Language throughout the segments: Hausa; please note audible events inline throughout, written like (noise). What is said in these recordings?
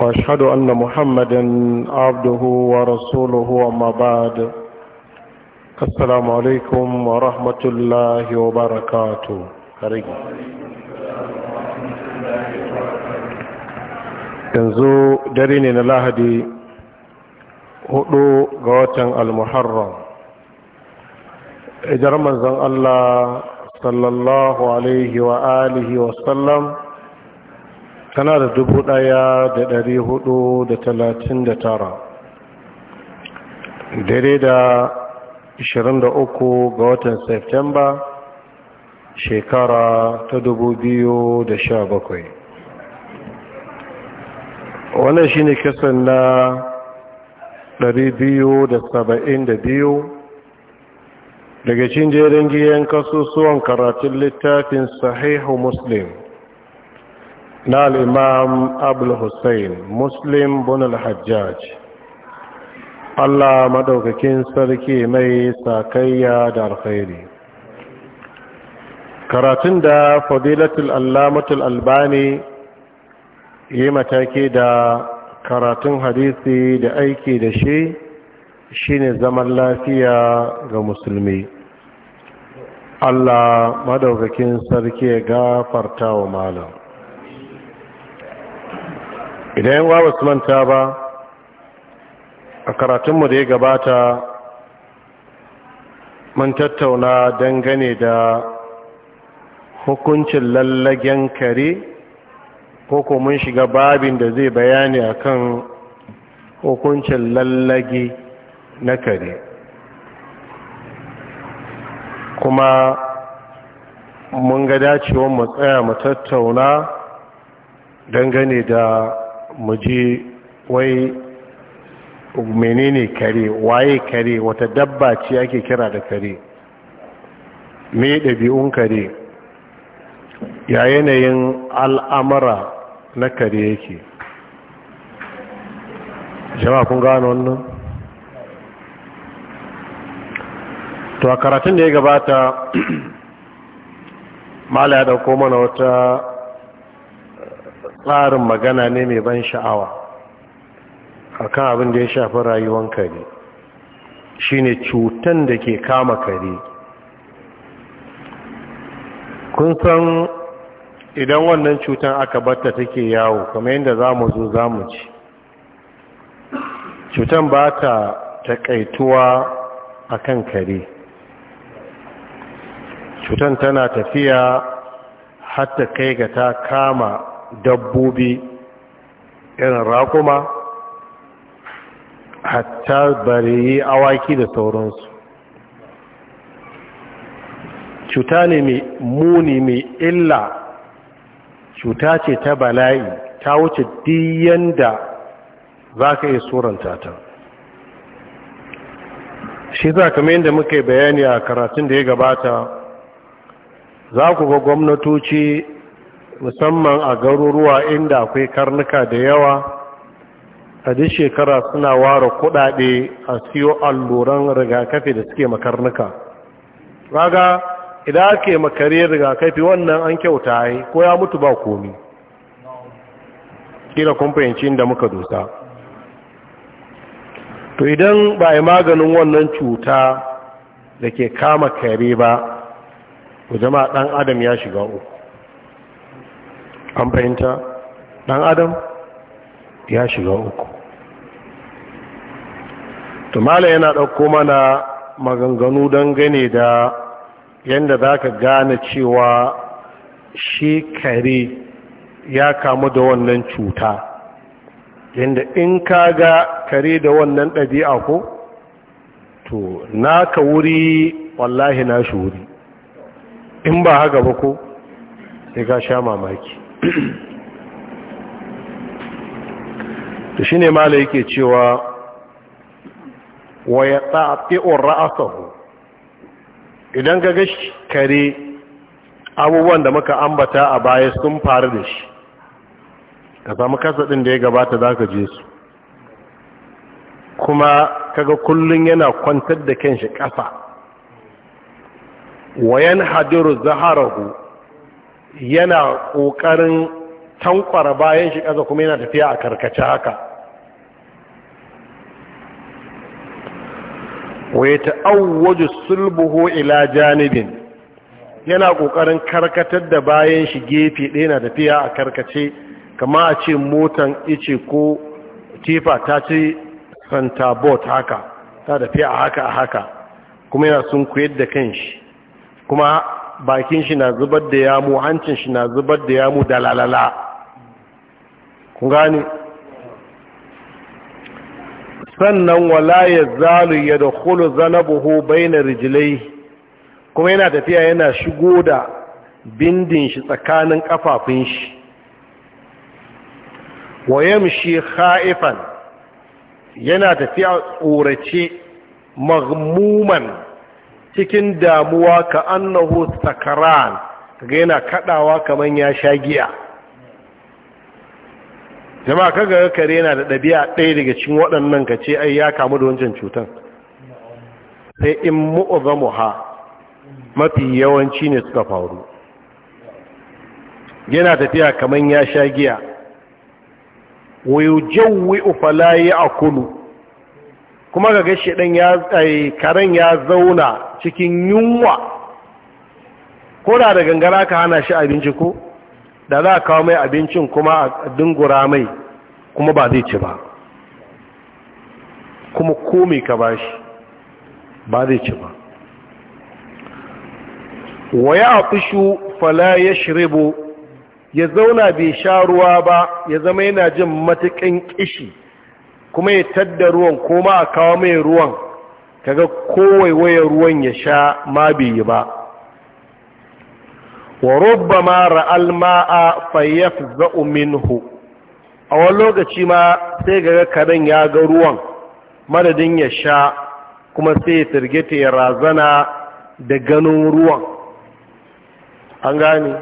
واشهد ان محمدا عبده ورسوله وما بعد السلام عليكم ورحمه الله وبركاته yanzu dare ne na lahadi hudu ga watan almuharram ijar manzon allah sallallahu alaihi wa alihi wasallam tana da dubu ɗaya da dari hudu da talatin da tara dare da 23 ga watan Septemba shekara ta dubu biyu da sha bakwai wannan shi ne kisan na 272 daga cin jerin giyan kasusuwan karatun littafin sahihu muslim na al-Imam abulhussein muslim bin al-hajjaj allah madaukakin sarki mai sakayya da alkhairi karatun da fadilatul allamatul albani yi mataki da karatun hadisi da aiki da shi shine zaman lafiya ga musulmi allah madaukakin sarki ya gafarta wa malam idan yin wawa su manta ba a karatunmu da ya gabata mun tattauna dangane da hukuncin lallagen kare ko ko mun shiga babin da zai bayani akan hukuncin lallage na kare kuma mun ga dacewa mu tsaya mu tattauna dangane da mu ji wai menene kare waye kare wata dabba ce ake kira da kare me ɗabi'un kare ya yanayin al'amura na kare yake jama'a kun gano wannan to a karatun da ya gabata (clears throat) mala ya dauko mana wata tsarin magana ne mai ban sha'awa A kan abin da ya shafi rayuwan kare shine cutan da ke kama kare kun san idan wannan cutan aka batta take yawo kamar yadda za mu zo za mu ci cutan ba ta a akan kare cutan tana tafiya hatta kai ga ta kama dabbobi irin rakuma hatta bareyi awaki da sauransu cuta ne mai muni mai illa cuta ce ta bala'i ta wuce diyan da za ka iya tsoron ta shi za kamar yadda muka bayani a karatun da ya gabata za ku ga gwamnatoci musamman a garuruwa inda akwai karnuka da yawa a duk shekara suna ware kudade a siyo alluran rigakafi da suke makarnuka raga idan ake makare rigakafi wannan an kyauta yi ko ya mutu ba komi kila kun da inda muka dusa. to idan ba a maganin wannan cuta da ke kama kare ba ku zama dan adam ya shiga uku an fahimta dan adam ya shiga uku tumala yana ɗauko mana maganganu don gane da yadda za ka gane cewa shi kare ya kamu da wannan cuta yadda in ka ga kare da wannan ɗabi'a ko to naka wuri wallahi na shi wuri in ba haka ba ko ya ga sha mamaki (coughs) to shine mala yake cewa wa ya ta'ti'u ra'sahu idan ga kare abubuwan da muka ambata a baya sun faru da shi ka samu kasadin da ya gabata ka je su kuma kaga kullun yana kwantar da shi ƙasa wayan hadiru zaharahu yana ƙoƙarin tankwara bayan shi ƙasa kuma yana tafiya a karkace haka wai ta'awwaju sulbuhu ila janibin yana ƙoƙarin karkatar da bayan shi gefe ɗaya na tafiya a karkace kama a ce motan ice ko tifa ta ce santa bot haka ta tafiya a haka a haka kuma yana sun koyar da kanshi kuma bakin shi na zubar da yamu hancin shi na zubar da yamu da lalala ku gane sannan wala ya zalu ya da kulu zanabuhu bainar rijilai kuma yana tafiya yana shigo da bindin shi tsakanin kafafun shi wa yamshi kha'ifan yana tafiya tsorace maghmuman cikin damuwa ka annahu sakaran kaga yana kadawa kaman ya sha giya jama'a kaga kare yana da ɗabi'a ɗaya daga cikin waɗannan ka ce ai ya kamu da wancan cutan sai in ha mafi yawanci ne suka faru yana tafiya kaman ya sha giya wa yujawwi'u fala ya'kulu kuma ga gashi ɗan ya karen ya zauna cikin yunwa ko da da gangara ka hana shi abinci ko da za a kawo mai abincin kuma a dingura mai kuma ba zai ci ba kuma komai ka ba shi ba zai ci ba wa ya akushu fala ya shiribu ya zauna bai sha ruwa ba ya zama yana jin matuƙin ƙishi kuma ya tadda ruwan koma a kawo mai ruwan kaga waya ruwan ya sha ma bai yi ba wa rubba ma ra'al ma'a fayyaf za'u minhu a wani lokaci ma sai gaga karen ya ga ruwan madadin ya sha kuma sai ya turgeta ya razana da ganin ruwan an gane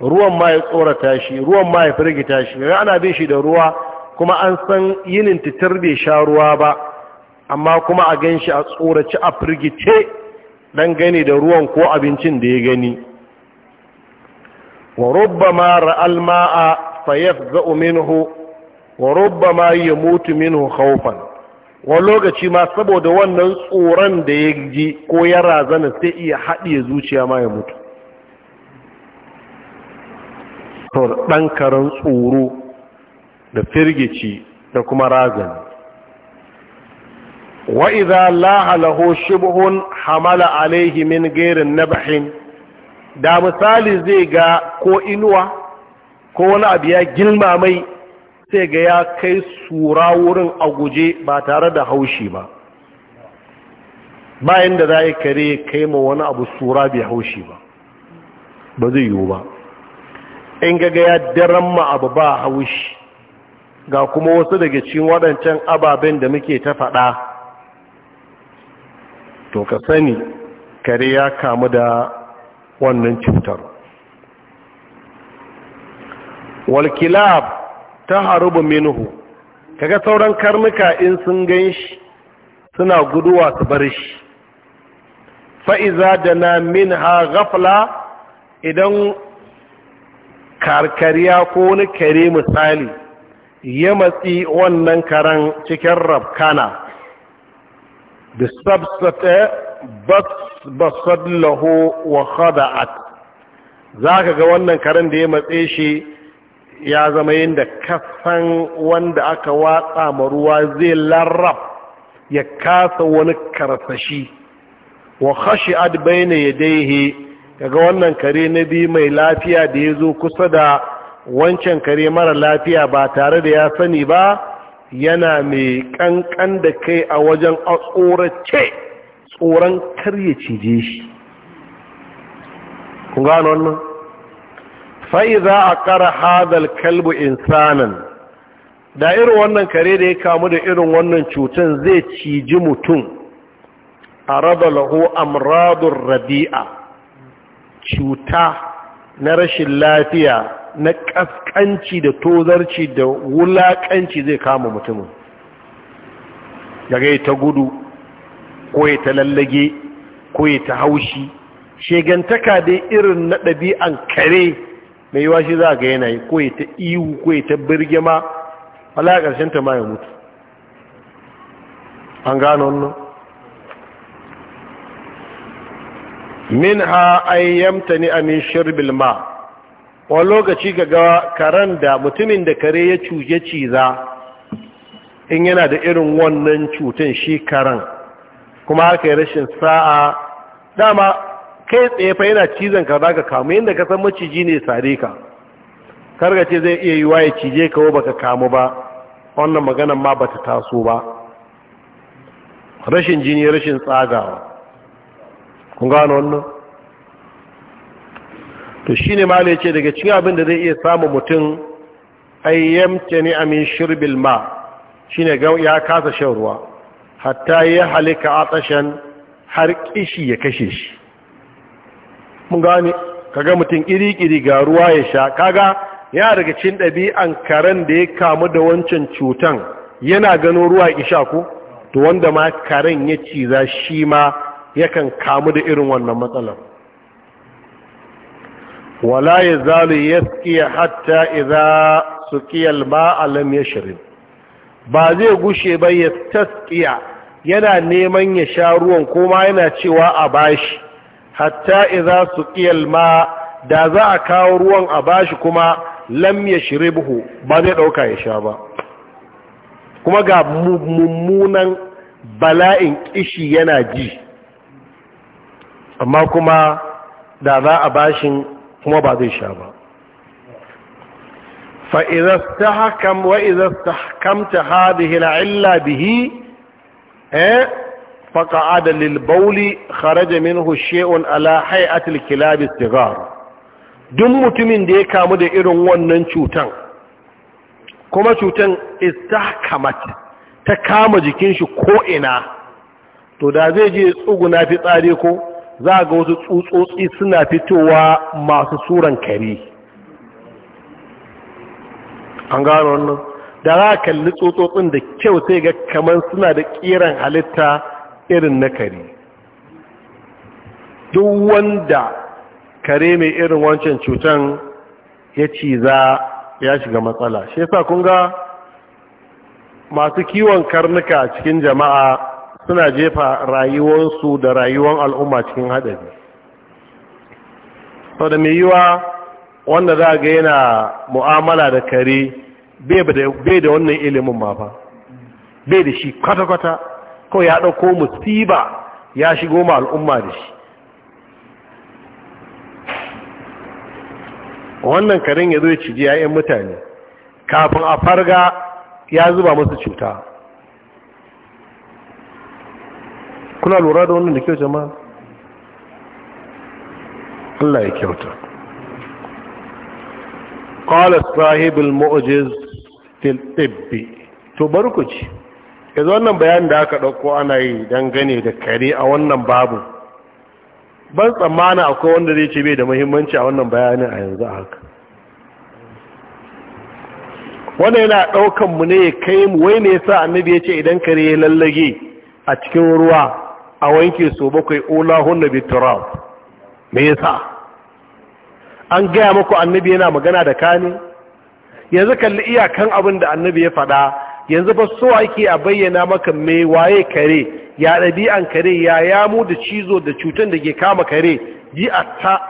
ruwan ma ya tsorata shi ruwan ma ya firgita shi ana bin shi da ruwa kuma an san yinin titar bai sha ruwa ba amma kuma a gan shi a tsoraci a firgice don gani da ruwan ko abincin da ya gani wa rubbama ra'al ma'a za'u minhu wa rubbama mutu minhu haufan. wa lokaci ma saboda wannan tsoron da ya ji ko ya razana sai iya haɗiye zuciya ma ya mutu ɗan karen tsoro da firgici da kuma razani wa idza laha lahu shubhun hamala alayhi min ghairin nabhin da misali zai ga ko inuwa ko wani abu ya gilma mai sai ga ya kai sura wurin a guje ba tare da haushi ba bayan da za a kare kai ma wani abu sura bai haushi ba ba zai yiwu ba in ga ya daren ma abu ba haushi ga kuma wasu daga cikin waɗancan ababen da muke ta faɗa to ka sani kare ya kamu da wannan cutar walkilab ta harubu minuhu kaga sauran karnuka in sun gan shi suna guduwa su bar shi fa'iza da na min ha gafla idan karkariya ko wani kare misali ya matsi wannan karan cikin rabkana da sabsata basallahu wa khada'at za ka ga wannan karen da ya matse shi ya zama yin da kasan wanda aka watsa ma ruwa zai larrab ya kasa wani karsashi wa khashi'at bayna yadayhi kaga wannan kare na biyu mai lafiya da ya zo kusa da wancan kare mara lafiya ba tare da ya sani ba yana mai kankan da kai a wajen a tsorace tsoron karye cije shi kun gano wannan fa'iza a ƙara hadal kalbu insanan da irin wannan kare da ya kamu da irin wannan cutan zai ciji mutum a raba lahu amradun rabi'a cuta na rashin lafiya na ƙasƙanci da tozarci da wulaƙanci zai kama mutumin daga ta gudu ko ya ta lallage ko ya ta haushi shegantaka dai irin na ɗabi'an kare mai yiwa shi za ga yanayi ko ya ta iwu ko ya ta ma? wala ƙarshen ta ma ya mutu an gano wannan ha أن ni amin shirbil ma? wani lokaci ga karen da mutumin da kare ya cuje ciza in yana da irin wannan cutan shi karen kuma haka rashin sa'a dama kai tsaye fa yana cizon ka za ka kamu yadda ka san maciji ne sare ka kargace ce zai iya yiwa ya cije ka ba ka kamu ba wannan maganan ma bata taso ba rashin jini rashin tsagawa kun gano wannan to shi ne malai ce daga cikin abin da zai iya samu mutum ayyamta ni amin shirbil ma Shi ga ya kasa shan ruwa hatta ya halika tsashen har kishi ya kashe shi mun gane kaga mutum iri-iri ga ruwa ya sha kaga ya daga cin ɗabi'an karen da ya kamu da wancan cutan yana gano ruwa ya sha ko to wanda ma karen ya ciza shi ma yakan kamu da irin wannan matsalar wala ya zalu حتى hatta سقي الماء لم يشرب lam غشي ba zai gushe ba ya taskiya yana neman ya sha ruwan kuma yana cewa a bashi hatta idza suqiya al da za a kawo ruwan a bashi kuma lam yashribuhu ba zai dauka ya sha ba kuma ga mummunan bala'in kishi yana ji amma kuma da za a bashin kuma ba zai sha ba فإذا استحكم وإذا استحكمت هذه العلة به فقعد للبول خرج منه شيء على هيئة kilabis الصغار duk mutumin da ya kamu da irin wannan cutan kuma cutan istahkamat ta kama jikin shi ko ina to da zai je tsuguna fitsari ko za ga wasu tsutsotsi suna fitowa masu suran kare an gano wannan da za a kalli tsotsotsin da kyau sai ga kamar suna da kiran halitta irin na kare duk wanda kare mai irin wancan cutan ya ciza ya shiga matsala shi yasa kun ga masu kiwon karnuka cikin jama'a suna jefa rayuwarsu da rayuwar al'umma cikin haɗari sau da mai yiwa wanda za ga yana mu'amala da kare bai da wannan ilimin ma ba bai da shi kwata-kwata kawai ya ɗauko musiba ya shigo ma al'umma da shi wannan karen ya zo ya ciji 'ya'yan mutane kafin a farga ya zuba musu cuta kuna lura da wannan da kyau jama'a Allah ya kyauta qala sahibul mu'jiz fil tibb to barkuci yanzu wannan bayanin da aka dauko ana yi dangane da kare a wannan babu ban tsammana akwai wanda zai ce bai da muhimmanci a wannan bayanin a yanzu haka wannan yana ɗaukan mu ne ya kai mu wai me yasa annabi ya ce idan kare ya lallage a cikin ruwa a wanke so bakwai ulahun na me yasa an gaya muku annabi yana magana da kani, yanzu kalli iyakan abin da annabi ya faɗa yanzu ba so ake a bayyana maka me waye kare ya ɗabi'an kare ya yamu da cizo da cutan da ke kama kare ji a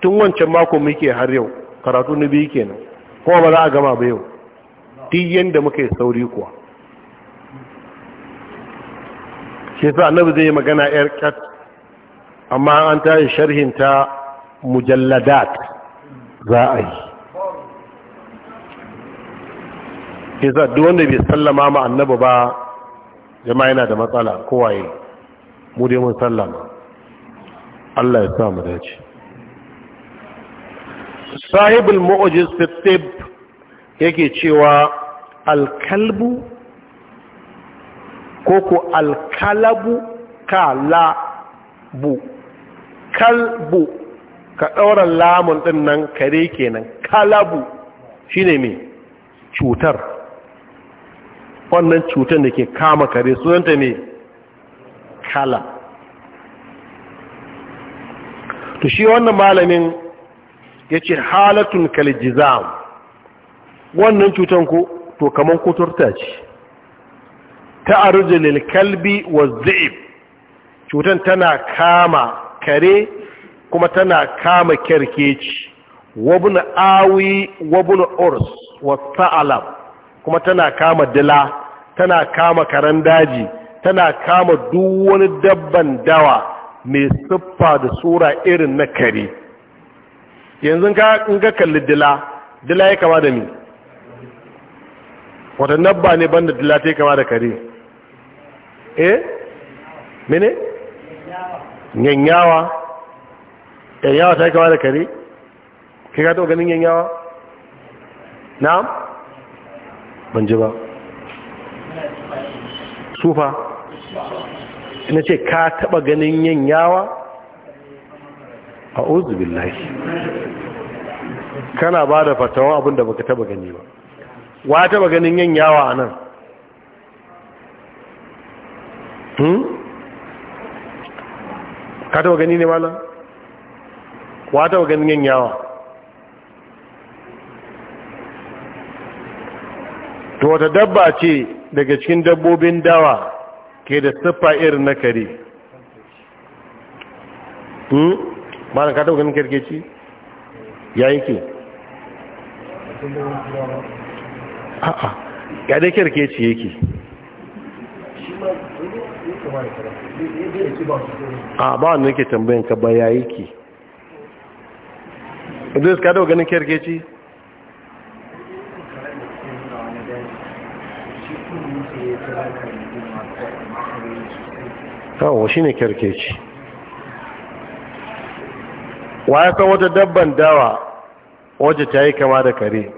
tun wancan mako muke har yau karatu na biyu kenan kuma ba za a gama ba yau duk yadda muka yi sauri kuwa shi sa annabi zai yi magana yar kat amma an tayi sharhin ta mujalladat za a yi shi sa duk bai sallama ma annabi ba jama'a yana da matsala kowaye mu dai mun sallama Allah ya sa mu dace sahibul mu'jiz fi yake cewa alkalbu ko ko alkalabu kalabu kalbu ka ɗaura lamun ɗin nan kare kenan kalabu shine mai cutar wannan cutar da ke kama kare sunanta mai kala to shi wannan malamin ya ce halatun kalijizam wannan cutar ko to kamar kuturta ce ta'arudu lil kalbi waz-zi'ib cutan tana kama kare kuma tana kama kerkeci wabun awi wabun urs wasa'alam kuma tana kama dila tana kama karen daji tana kama duk wani dabban dawa mai siffa da sura irin na kare yanzu ka in ka kalli dila dila ya kama da mi wadannan ba ne banda dila ta kama da kare eh mene yanyawa yanyawa ta yi kawai da kare kai ka taɓa ganin yanyawa na'am ban ji ba sufa ina ce ka taɓa ganin yanyawa a uzubillahi kana ba da fatawa abinda baka taɓa gani ba wa taɓa ganin yanyawa a nan Hmm? ka taba gani ne malam wa gani yin yawa to wata dabba ce daga cikin dabbobin dawa ke da siffa irin na kare hmm malam ka taba gani karkeci ya ke. a'a ya dai karkeci yake a ba wanda nake tambayin ka ba ya yi ki idris ka dawo ganin kawo shi ne kyarkeci wa ya kan wata dabban dawa waje ta yi kama da kare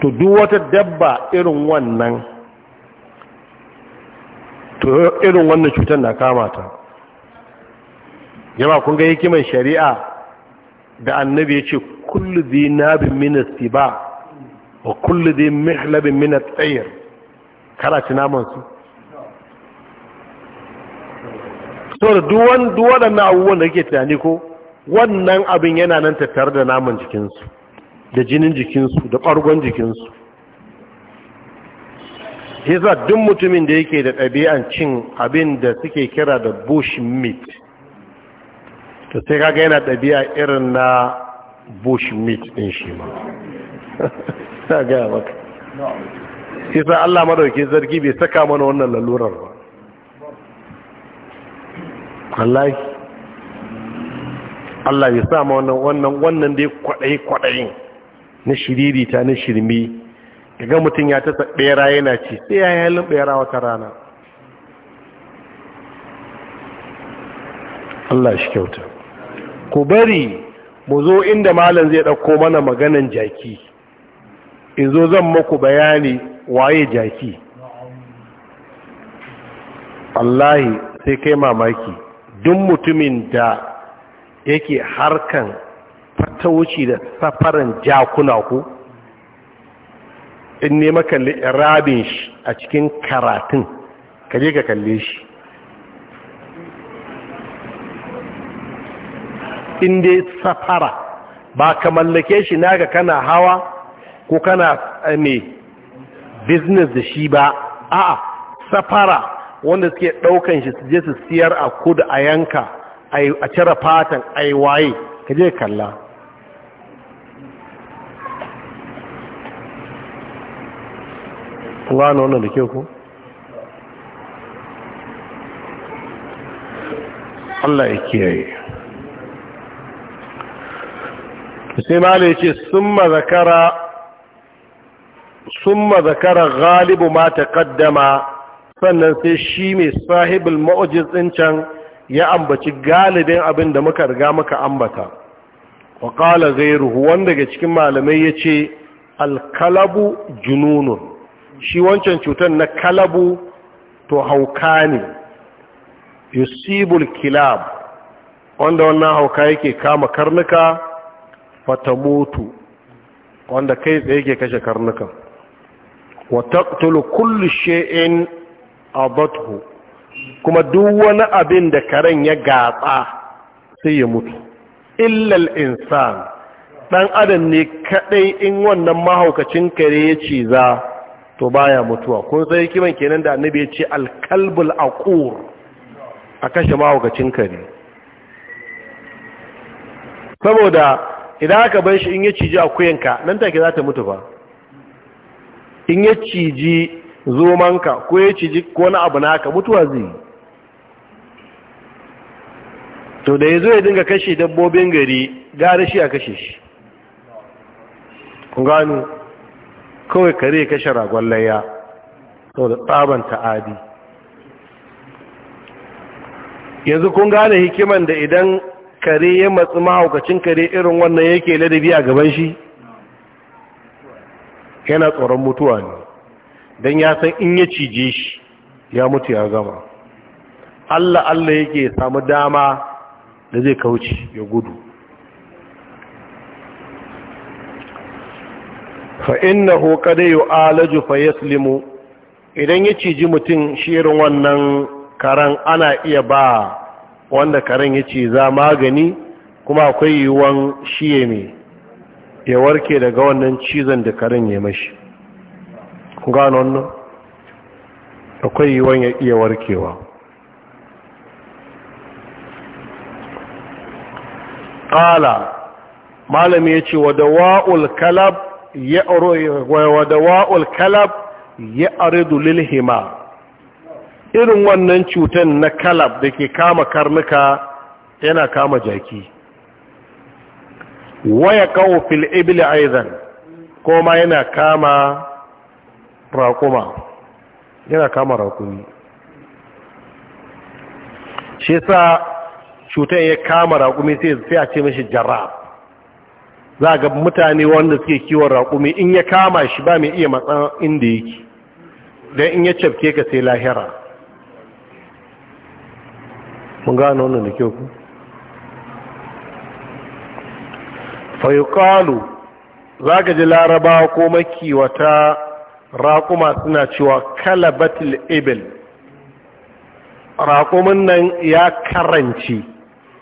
to duk wata dabba irin wannan to irin wannan cutar na kama ta yaba kun ga hikimar shari'a da annabi ya ce kullu zai nabin minas ba, wa kullu zai mihlabin minas tsayir kana ci namansu To duwan na abubuwan da ke tunani ko wannan abin yana nan tattare da naman jikinsu da jinin jikinsu da ɓargon jikinsu yasa duk mutumin da yake da ɗabi'an cin abin da suke kira da bush meat to sai kaga yana ɗabi'a irin na bush meat ɗin shi ma ta (laughs) gaya maka yasa Allah madaukin zargi bai saka mana wannan lalurar ba Allah bai sa ma wannan wannan wannan dai kwaɗayi kwaɗayin na shiririta na shirmi ga mutum ya tasa ɓera yana ci sai ya yi halin ɓera wata rana Allah shi kyauta ku bari mu zo inda malam zai ɗauko mana maganan jaki in zo zan maku bayani waye jaki Allahi sai kai mamaki duk mutumin da yake harkan wuce da safarin jakuna ku in ne makalli rabin shi a cikin karatun ka je ka kalle shi in dai safara ba ka mallake shi naga kana hawa ko kana eh, mai business da shi ba a'a safara wanda suke daukan shi su je su siyar a kudu a yanka a cire fatan a waye ka je kalla kun gano wannan da ke ku Allah ya kiyaye sai ya ce sun mazakara galibu ma kaddama sannan sai shi mai sahibin ma'ajin can ya ambaci galibin abin da muka riga muka ambata wa zai ruhu wanda daga cikin malamai yace al-kalabu jununun shi wancan cutar na kalabu to hauka ne yusibul kilab wanda wannan hauka yake kama karnuka fatamutu wanda kai tsaye yake kashe karnuka wa taqtulu kullu shay'in abathu kuma duk wani abin da karen ya gatsa sai ya mutu illal insan dan adam ne kadai in wannan mahaukacin kare ya ciza to baya mutuwa ko sai kiman kenan da annabi ya ce alkalbul aqur a kashe mahaukacin kare saboda idan aka bar shi in ya ciji akuyanka nan take za ta mutu ba in ya ciji zomanka ko ya ciji ko na abu naka mutuwa zai to da ya zo ya dinga kashe dabbobin gari gara shi a kashe shi kun gano kawai kare kashe ragon layya saboda tsaban ta'adi yanzu kun gane hikiman da idan kare ya matsi mahaukacin kare irin wannan yake ladabi a gaban shi yana tsoron mutuwa ne don ya san in ya cije shi ya mutu ya gama Allah Allah yake samu dama da zai kauce ya gudu fa innahu wa yu'alaju fa yaslimu idan ya ciji mutum shirin wannan karan ana iya ba wanda karan ya ci za magani kuma akwai yiwuwan shiye mai ya warke daga wannan cizon da karan ya mashi gano wannan akwai yiwuwan ya iya warkewa ƙala malami ya ce wa waul kalab wadawa'ul kalab ya aridu lilhima irin wannan cutan na kalab da ke kama karnuka yana kama jaki waya kawo fil ibili aizan koma yana kama rakuma yana kama rakumi shi sa cutan ya kama rakumi sai a ce mashi jarab za ga mutane wanda suke kiwon raƙumi in ya kama shi ba mai iya matsan inda yake don in ya cafke ka sai lahira mun gano wannan da ke ku Faikalu za ka ji laraba ko makiwata raƙuma suna cewa kalabatil ibil raƙumin nan ya karanci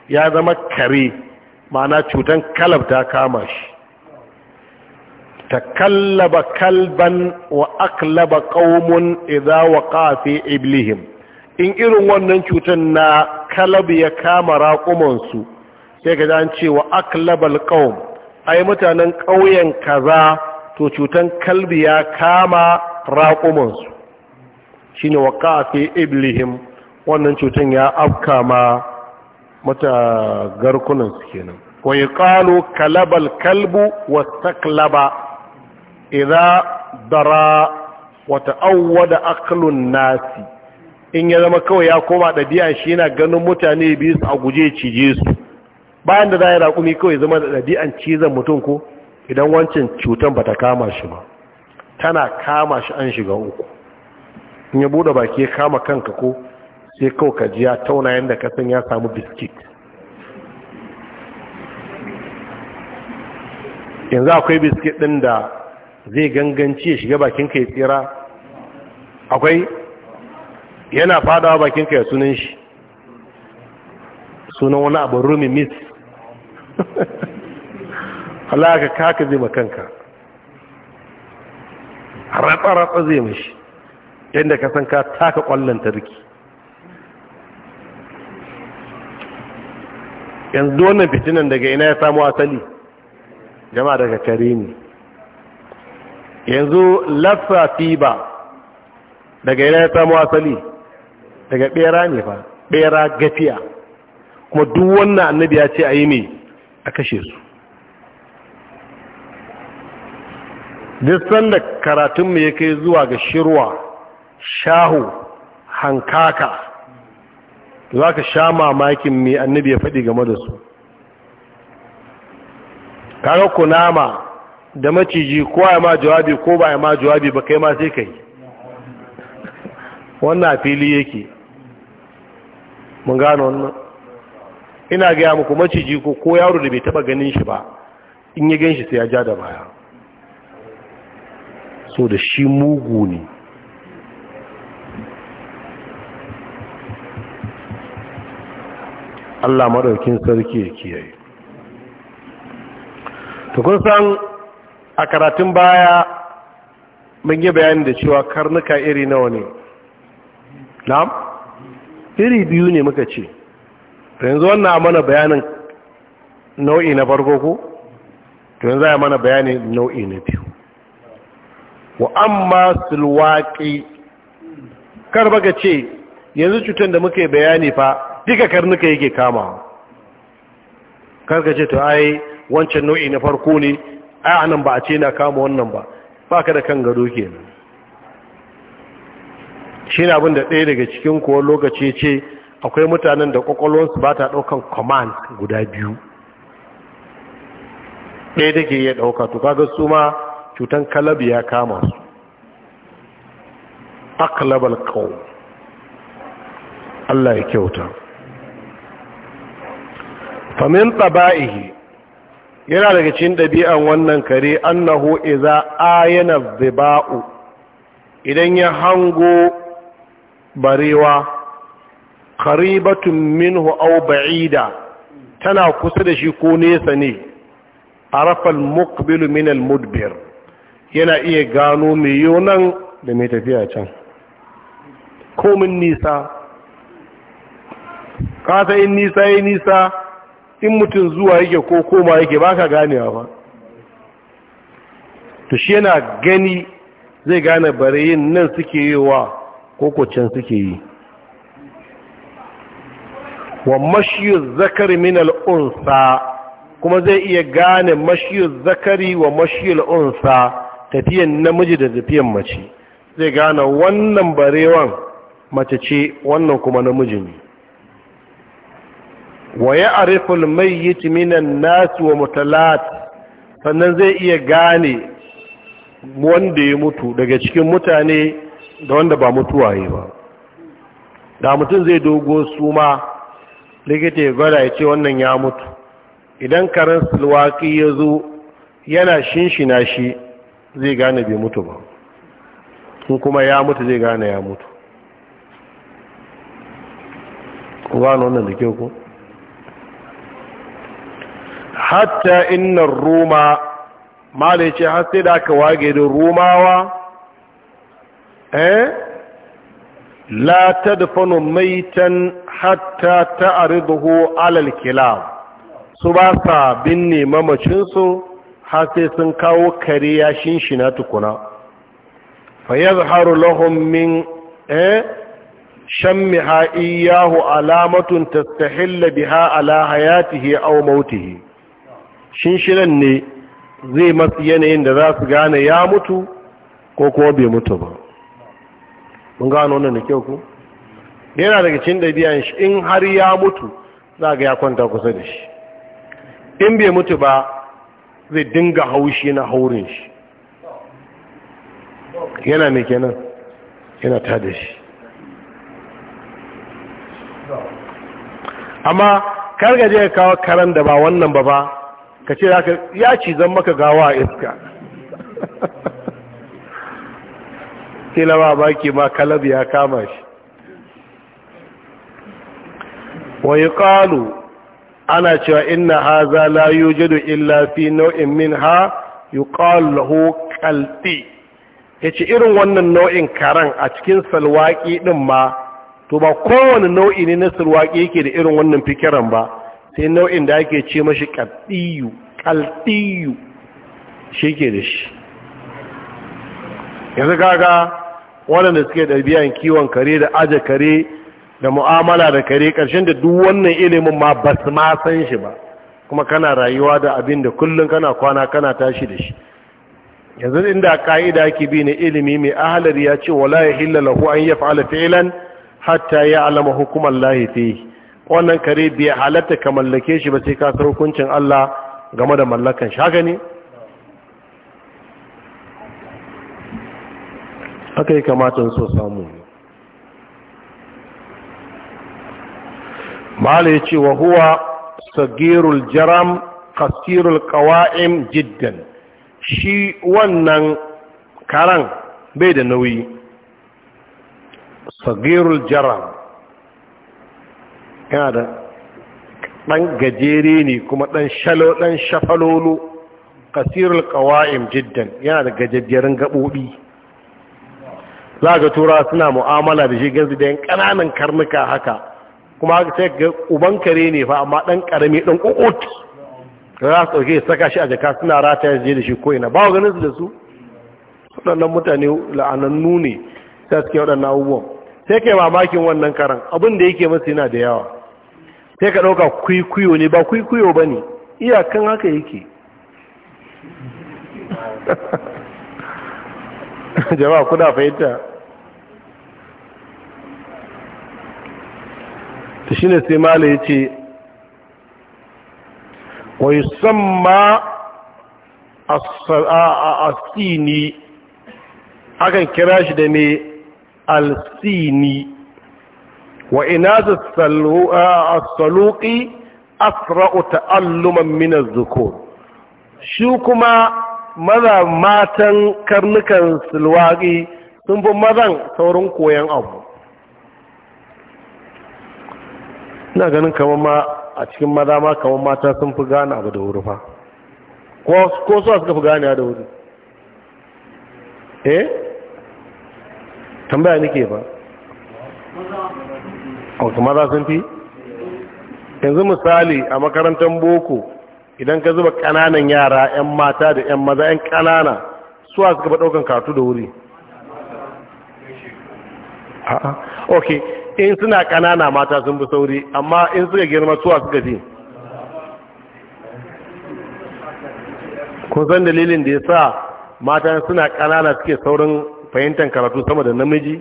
ya zama kare ma'ana cutar kalab ta kama shi ta kallaba kalban wa aklaba qaumun idza wa fi iblihim in irin wannan cutan na kalab ya kama raƙumansu sai ka zan ce wa aklabal ƙaun ai mutanen ƙauyen kaza to cutan kalbi ya kama raƙumansu shine wa fi iblihim wannan cutan ya afka ma mata garkunan su kenan wa kalo kalabal kalbu wa taklaba idza dara wa da aqlun nasi in ya zama kawai ya koma ɗabi'a shi yana ganin mutane biyu su a guje cije su bayan da za a yi raƙumi kawai zama da ɗabi'an cizon mutum ko idan wancan cutan bata kama shi ba tana kama shi an shiga uku in ya buɗe baki ya kama kanka ko sai kawai ka ji ya tauna yadda ka san ya samu biskit yanzu akwai biskit ɗin da zai ganganci ya shiga bakin ka ya tsira akwai yana fadawa bakin ka ya sunan shi sunan wani abin rumi mis halaka (laughs) kaka zai makanka ratsa-ratsa zai mashi yadda ka san ka taka kwallon tarki yanzu wannan fitinan daga ina ya samu asali jama'a daga kare ne yanzu lafafi ba daga ina ya samu asali daga bera ne ba bera gafiya kuma duk wannan annabi ya ce a yi ne a kashe su duk sanda karatunmu ya kai zuwa ga shirwa shahu hankaka za ka sha mamakin mai annabi ya faɗi game da su ku kunama da maciji ko ya ma jawabi ko ba ya ma jawabi ba kai ma sai ka yi wannan fili yake mun gano wannan ina gaya muku maciji ko ko yaro da bai taba ganin shi ba in ya gan shi sai ya ja da baya so da shi mugu ne Allah madaukin sarki ya kiyaye to kun san a karatun baya mun yi bayani da cewa karnuka iri nawa ne na'am iri biyu ne muka ce to yanzu wannan mana bayanin nau'i na farko ko to yanzu ya mana bayani nau'i na biyu wa amma sulwaki. kar baka ce yanzu cutar da muke bayani fa duka karnuka yake kama karka ce to ai wancan nau'i na farko ne ai anan ba a ce na kama wannan ba ba ka da kan gado kenan shi ne abinda ɗaya daga cikin kuwa lokaci ce akwai mutanen da su ba ta ɗaukan command guda biyu ɗaya take iya ɗauka to kaga su ma cutan kalabi ya kama su akalabal kawo Allah ya kyauta famin taba'ihi yana daga cikin ɗabi'an wannan kare annahu iza ayana ziba'u idan ya hango barewa qaribatun minhu aw ba'ida tana kusa da shi ko nesa ne arafal muqbilu min mudbir yana iya gano mai da mai tafiya can komin nisa kasa in nisa yi nisa in mutum zuwa yake ko koma yake ba ka ganewa ba to shi yana gani zai gane yin nan suke yi wa kokocin suke yi wa mashiyar zakari min al'unsa kuma zai iya gane mashiyar zakari wa mashiyar unsa tafiyan namiji da tafiyan mace zai gane wannan barewan mace ce wannan kuma namiji ne wa ya'rifu al-mayyit minan nas wa mutalat sannan zai iya gane wanda ya mutu daga cikin mutane da wanda ba mutuwaye ba da mutum zai dogo suma likita ya gwada ya ce wannan ya mutu idan karin sulwaki ya zo yana shinshina shi zai gane bai mutu ba ko kuma ya mutu zai gane ya mutu ku gano wannan da ke ku hatta innan Ruma, mala ce har sai da aka wage da romawa eh la tadfanu maitan hatta ta'riduhu alal kilab su ba sa binne mamacinsu har sai sun kawo kare ya na tukuna fa yazharu lahum min eh ha iyahu alamatun tastahilla biha ala hayatihi aw mautihi Shin shinshinan ne zai matsi yanayin da za su gane ya mutu ko kuma bai mutu ba mun gano wannan da kyau ku yana daga cin ɗabi'an shi in har ya mutu za ga ya kwanta kusa da shi in bai mutu ba zai dinga haushi na haurin shi yana mai kenan yana ta da shi amma kargaje ya kawo karan da ba wannan ba ba ka ce ya cizon maka gawa a iska lama ba baki ma kalab ya kama shi wa ƙalu ana cewa inna za la yujadu illa fi nau'in min ha yi ƙalahu kalti ya ce irin wannan nau'in karan a cikin salwaƙi ɗin ma to ba kowane nau'i ne na salwaƙi yake da irin wannan fikiran ba sai nau'in da ake ce mashi ƙaɗiyu ƙalɗiyu shi ke da shi yanzu kaga waɗanda suke ɗabi'an kiwon kare da aje kare da mu'amala da kare ƙarshen da duk wannan ilimin ma ba su ma san shi ba kuma kana rayuwa da abin da kullum kana kwana kana tashi da shi yanzu inda ka'ida ake bi na ilimi mai ahalar ya ce wala ya hilla lahu an ya fa'ala fi'lan hatta ya alama hukumar lahi wannan kare bai halatta ka mallake shi ba sai ka san hukuncin Allah game da mallakan shi haka ne haka yi kamata so samu mala ya ce wa huwa sagirul jaram kasirul kawa'im jiddan shi wannan karan bai da nauyi sagirul jaram yana da ɗan gajere ne kuma ɗan shalo ɗan shafalolo kasirul ƙawa'im jiddan yana da gajajjerin gaɓoɓi za ga tura suna mu'amala da shi gazi da yan ƙananan karnuka haka kuma sai ga uban kare ne fa amma ɗan ƙarami ɗan ƙoƙot za su ɗauke saka shi a jaka suna rata ya je da shi ko ba wa ganin su da su waɗannan mutane la'anannu ne sai suke waɗannan abubuwan sai kai mamakin wannan karan abin da yake masu yana da yawa sai ka ɗauka kwikwiyo ne ba kwikwiyo ba ne iyakan haka yake (laughs) jama'a kuna fahimta ta shi ne sai mala ya ce wai san ma asini akan kira shi da mai alsini wa الصلوقي saluqi asra'u ta'alluman min شوكما ماذا shi kuma maza matan karnukan sulwaqi sun fi mazan saurin ganin kama ma a cikin maza ma kama mata sun fi gane abu da wuri fa ko su suka fi gane da wuri eh tambaya nake ba wasu maza sun fi yanzu misali a makarantar boko idan ka zuba kananan yara 'yan mata da 'yan maza 'yan kanana suwa suka ba daukan katu da wuri ok in suna kanana mata sun fi sauri amma in suka girma suwa suka fi kun san dalilin da ya sa mata suna kanana suke saurin fahimtar karatu sama da namiji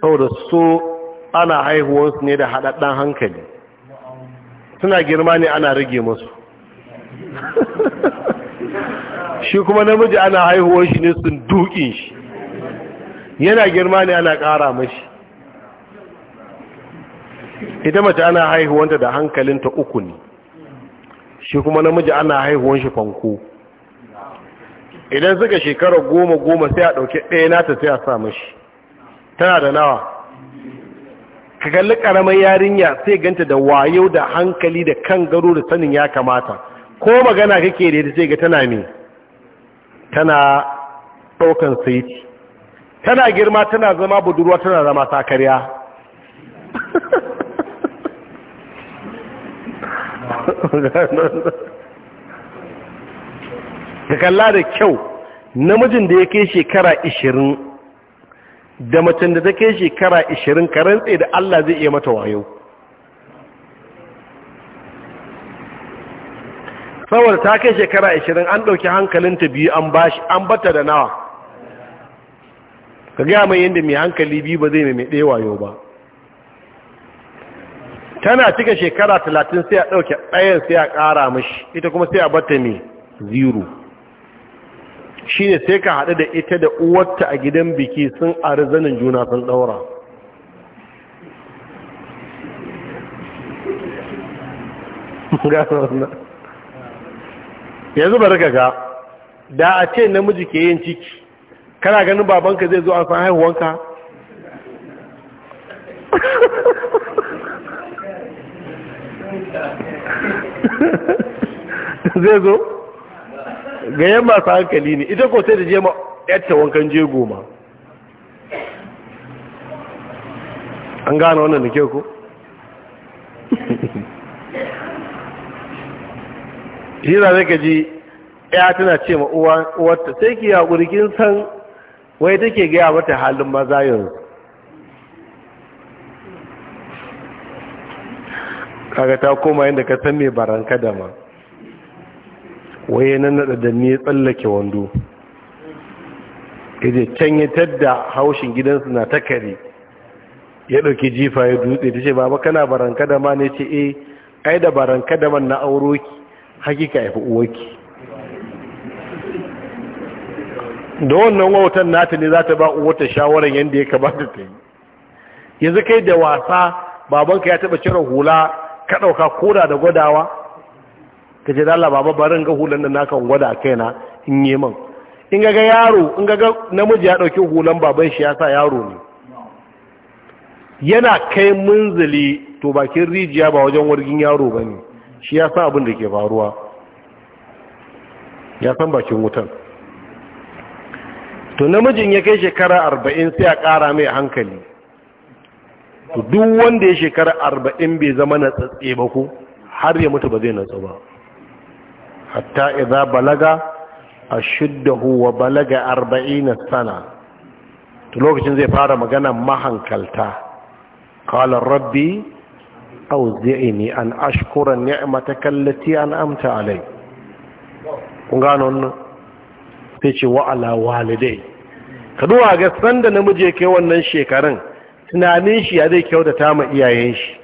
saboda so ana haihuwansu ne da haɗaɗɗen hankali suna girma ne ana rage masu (laughs) shi kuma namiji ana haihuwan shi ne sun dukin shi yana girma ne ana ƙara mashi ita mace ana haihuwanta da hankalinta uku ne shi kuma namiji ana haihuwan shi fanko idan suka shekara goma goma sai a ɗauki ɗaya nata sai a sa mashi tana da nawa ka kalli karamar yarinya sai ganta da wayo da hankali da kan garo da sanin ya kamata ko magana kake da ita sai ga tana me tana daukan saiti tana girma tana zama budurwa tana zama sakarya (laughs) ka kalla da kyau namijin da ya kai shekara ishirin da macen da take shekara 20 tsaye da Allah zai iya mata wayo saboda ta kai shekara 20 an ɗauki hankalinta biyu an bashi an bata da nawa ka gaya mai yadda mai hankali biyu ba zai mai ɗaya wayo ba tana cika shekara 30 sai a dauke ɗayan sai a ƙara mashi ita kuma sai a bata mai zero shi ne sai ka haɗu da ita da uwarta a gidan biki sun arzanin juna sun ɗaura yanzu bari ka ga da a ce namiji ke yin ciki kana ganin babanka zai zo a san haihuwanka (laughs) zai zo yan masu hankali ne ita ko sai da je ma yadda wankan je goma an gane wannan da ke ku (laughs) shi za zai gaji ya tana ce ma sai ki haƙuri kin san wai take gaya mata halin maza yanzu kaga ta koma yadda ka san mai baranka da ma waye na nada da ne tsallake wando kaje can ya tadda haushin gidansu na ta ya dauki jifa ya dutse tace baba kana baranka da ma ne ce eh ai da baranka da man na auro ki hakika ya fi ki. da wannan wautan nata ne za ta ba ta shawaran yadda ya kamata ta yi yanzu kai da wasa babanka ya taba cire hula ka ɗauka koda da gwadawa ka ce dala baba barin ga hulan nan naka gwada a kaina in yi man in ga yaro in ga namiji ya ɗauki hulan baban shi ya sa yaro ne yana kai munzili to bakin rijiya ba wajen wargin yaro ba ne shi ya sa abin da ke faruwa ya san bakin wutan to namijin ya kai shekara arba'in sai a ƙara mai hankali to duk wanda ya shekara arba'in bai zama na tsatsi ba ko har ya mutu ba zai natsu ba hatta idza balaga ashuddahu wa balaga arba'ina sana to lokacin zai fara magana mahankalta Kala rabbi awzi'ni an ashkura ni'mataka allati an'amta alai kun gano wannan sai ce ala walidai ka duwa ga sanda namiji yake wannan shekarun tunanin shi ya zai kyautata ma iyayen shi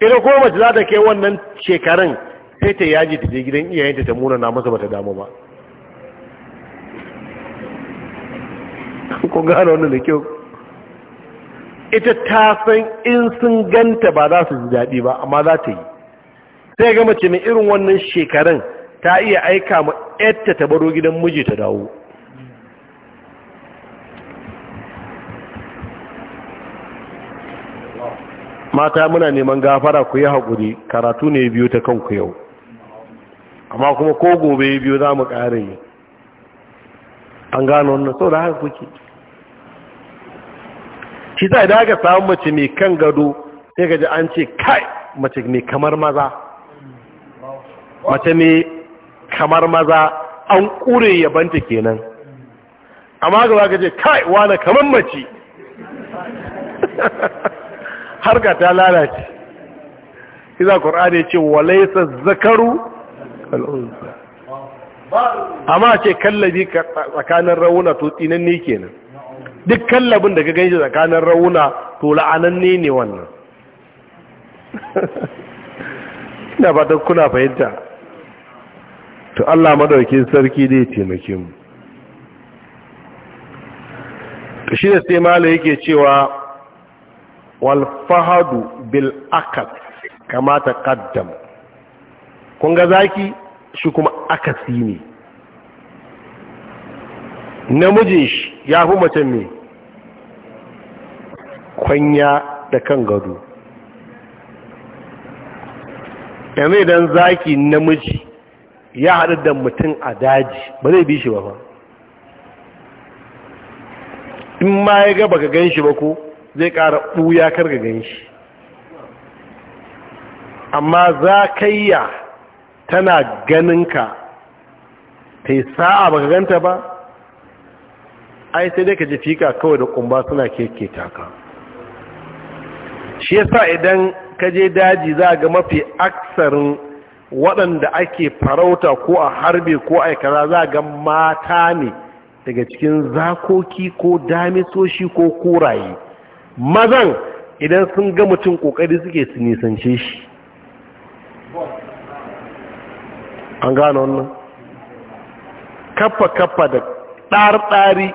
ita ko mace za ta kai wannan shekarun sai ta yaji ta je gidan iyayenta ta muna na masa bata damu ba ko gane wannan da kyau ita ta san in sun ganta ba za su ji daɗi ba amma za ta yi sai ga mace mai irin wannan shekarun ta iya aika ma yadda ta baro gidan miji ta dawo mata muna neman gafara ku yi haƙuri karatu ne biyu ta kanku yau amma kuma ko gobe biyu za mu ƙare yi an gano wannan sau da haka kuke shi ta idan aka samu mace mai kan gado sai gaji an ce kai mace mai kamar maza mace mai kamar maza an ƙure yabanta kenan amma gaba gaji kai wane kamar mace (laughs) harka ta lalace iza ƙor'ani ce walaisa zakaru al'unsa amma ce kallabi tsakanin rauna to tsinanne kenan duk kallabin da ka ganshi tsakanin rauna to la'ananne ne wannan (laughs) ina ba don kuna fahimta to Allah madaukin sarki dai taimake mu shi da sai mala yake cewa wal fahadu bil akad kama taqaddama kun ga zaki shi kuma akasi ne namijin shi ya fi mace mai kwanya da kan gado yanzu idan zaki namiji ya haɗu da mutum a daji ba zai bi shi ba ba in ma ya ga baka gan shi ba ko zai ƙara ɓuya kar ga gan shi amma za ya tana ganinka ta yi sa'a ka ganta ba ai sai dai ka ji kawai da kumba suna keke taka shi yasa idan ka je daji za ga mafi aksarin waɗanda ake farauta ko a harbe ko a za za ga mata ne daga cikin zakoki ko damisoshi ko kuraye mazan idan sun ga mutum ƙoƙari suke su nisance shi an gano wannan kaffa-kaffa da ɗar-ɗari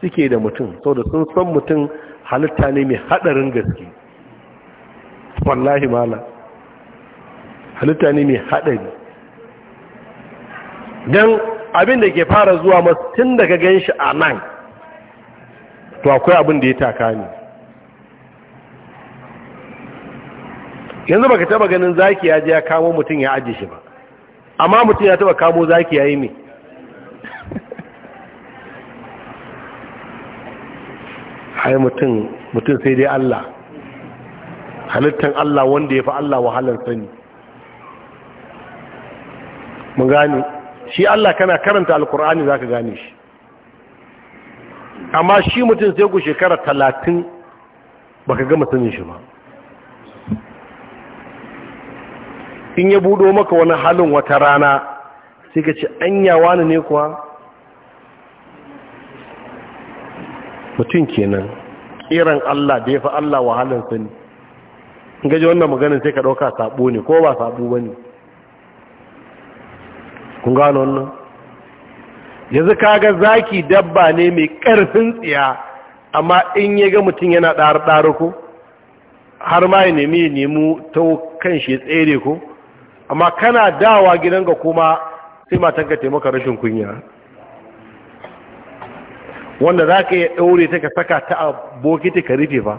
suke da mutum sau da sun san mutum halitta ne mai haɗarin gaske wallahi mala halitta ne mai haɗari don abin da ke fara zuwa masu tun daga gan shi a nan to akwai abin da ya taka ne yanzu baka taba ganin zaki ya je ya kamo mutum ya ajiye shi ba amma mutum ya taba kamo zaki yayi me hai mutum mutum sai dai Allah halittan Allah wanda ya fi Allah wahalar sani mu gane shi Allah kana karanta alkur'ani zaka gane shi amma shi mutum sai ku shekara talatin baka gama sanin shi ba in ya budo maka wani halin wata rana sai ka ce anya wani ne kuwa mutum kenan kiran Allah da ya fi Allah wahalar sani in gaji wannan maganin sai ka ɗauka sabo ne ko ba sabo ba ne kun gano wannan yanzu kaga zaki dabba ne mai ƙarfin tsiya amma in ya ga mutum yana ɗari ɗari ko har ma ya nemi ya nemi ta kan shi tsere ko amma kana dawa gidanka kuma sai matanka taimaka rashin kunya wanda za ka iya ɗaure ta ka saka ta a bokiti ka rufe ba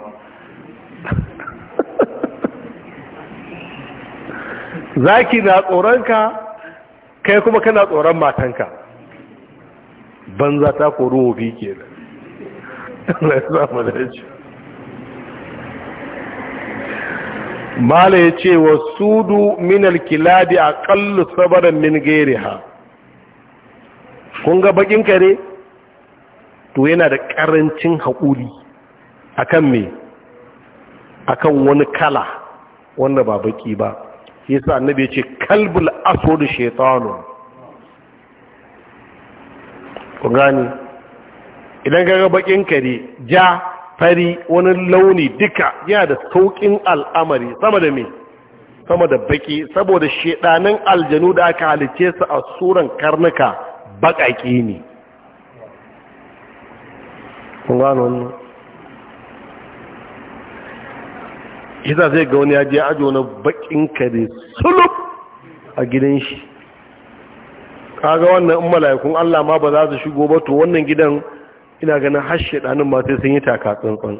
(laughs) za ki na tsoronka kai kuma kana tsoron matanka banza ta koro hobi ke da da mala ya ce wa sudu minal kiladi a kallu sabarin min ha kun ga bakin kare to yana da ƙarancin haƙuri akan me akan wani kala wanda ba baki ba ya sa annabi ya ce kalbul da shaytanun ƙunga gani idan ga bakin kare ja fari wani launi duka yana da saukin al'amari sama da me sama da baki saboda shedanin aljanu da aka halice su a suran karnuka bakaki ne kisa zai ga wani ya je ajo na bakin kare sulub a gidan shi kaga wannan in mala'ikun Allah ma ba za su shigo ba to wannan gidan ina ganin hashe ɗanin masu sun yi taka tsantsan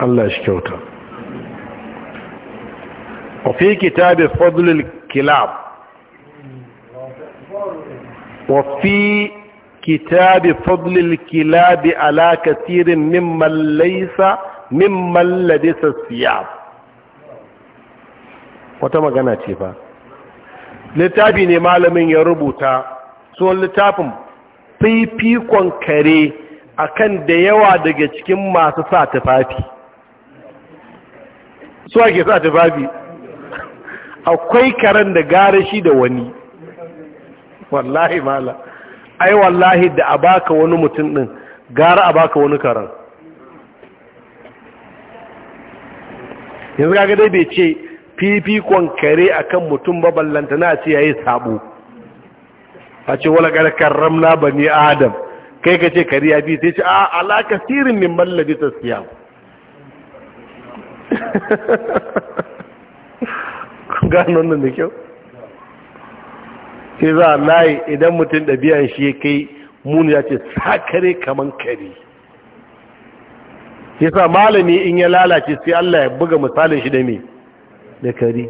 Allah shi kyauta wafi kitabe fadlul kilab wafi kitabe fadlul kilab ala kasirin mimman laisa mimman ladisa siyab wata magana ce ba littafi ne malamin ya rubuta suwan littafin fifikon kare akan da yawa daga cikin masu sa tufafi suwa ke sa tufafi akwai karen da gara shi da wani wallahi mala ai wallahi da a baka wani mutum din gara a baka wani karen yanzu kaga dai bai ce fifikon kare akan mutum baballanta na ce yi sabo a ce wala gara karramna bani adam kai ka ce kariya biyu sai ce a ala sirin min mallabi ta siya gano nan da kyau sai za a layi idan mutum ɗabi'an shi ya kai muni ya ce sakare kaman kari ya sa malami in ya lalace sai Allah ya buga misalin shi da me da kari